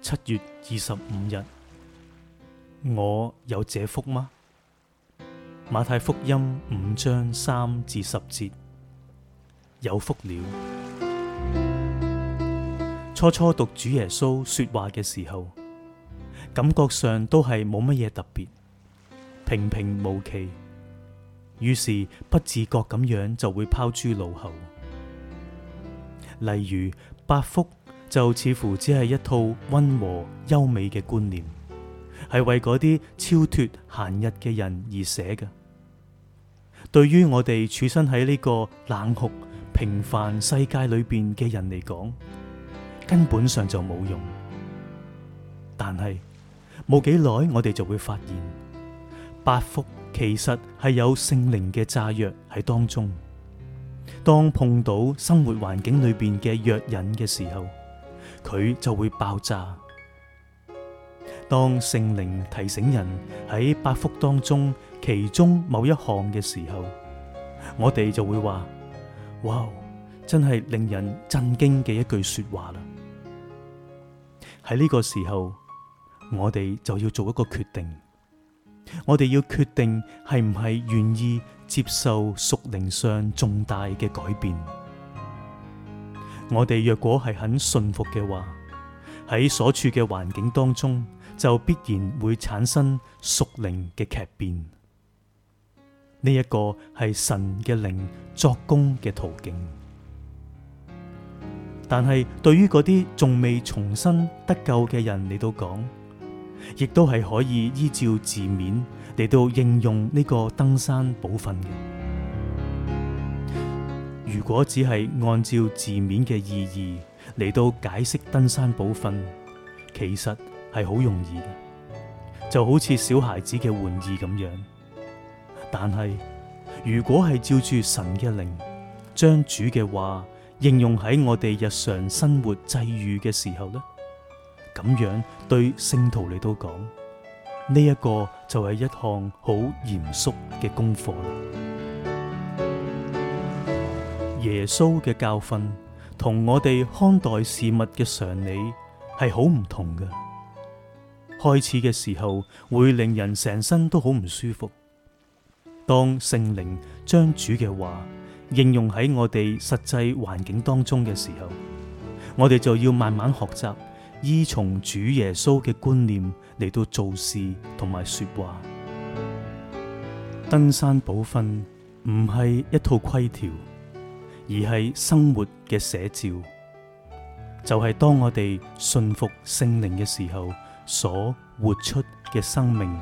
七月二十五日，我有這福嗎？馬太福音五章三至十節，有福了。初初讀主耶穌說話嘅時候，感覺上都係冇乜嘢特別，平平無奇，於是不自覺咁樣就會拋諸腦後。例如八福。就似乎只係一套溫和優美嘅觀念，係為嗰啲超脫閒逸嘅人而寫嘅。對於我哋處身喺呢個冷酷平凡世界裏邊嘅人嚟講，根本上就冇用。但係冇幾耐，我哋就會發現八福其實係有聖靈嘅炸藥喺當中。當碰到生活環境裏邊嘅藥引嘅時候，佢就會爆炸。當聖靈提醒人喺八福當中其中某一項嘅時候，我哋就會話：哇，真係令人震驚嘅一句說話啦！喺呢個時候，我哋就要做一個決定，我哋要決定係唔係願意接受屬靈上重大嘅改變。我哋若果係很信服嘅話，喺所處嘅環境當中，就必然會產生屬靈嘅劇變。呢一個係神嘅靈作工嘅途徑。但係對於嗰啲仲未重新得救嘅人，嚟到講，亦都係可以依照字面嚟到應用呢個登山寶訓。如果只係按照字面嘅意義嚟到解釋登山寶訓，其實係好容易，就好似小孩子嘅玩意咁樣。但係如果係照住神嘅靈，將主嘅話應用喺我哋日常生活際遇嘅時候呢，咁樣對聖徒嚟到講，呢、這、一個就係一項好嚴肅嘅功課。耶穌嘅教訓同我哋看待事物嘅常理係好唔同嘅。開始嘅時候會令人成身都好唔舒服。當聖靈將主嘅話應用喺我哋實際環境當中嘅時候，我哋就要慢慢學習依從主耶穌嘅觀念嚟到做事同埋說話。登山寶訓唔係一套規條。而係生活嘅寫照，就係、是、當我哋信服聖靈嘅時候，所活出嘅生命。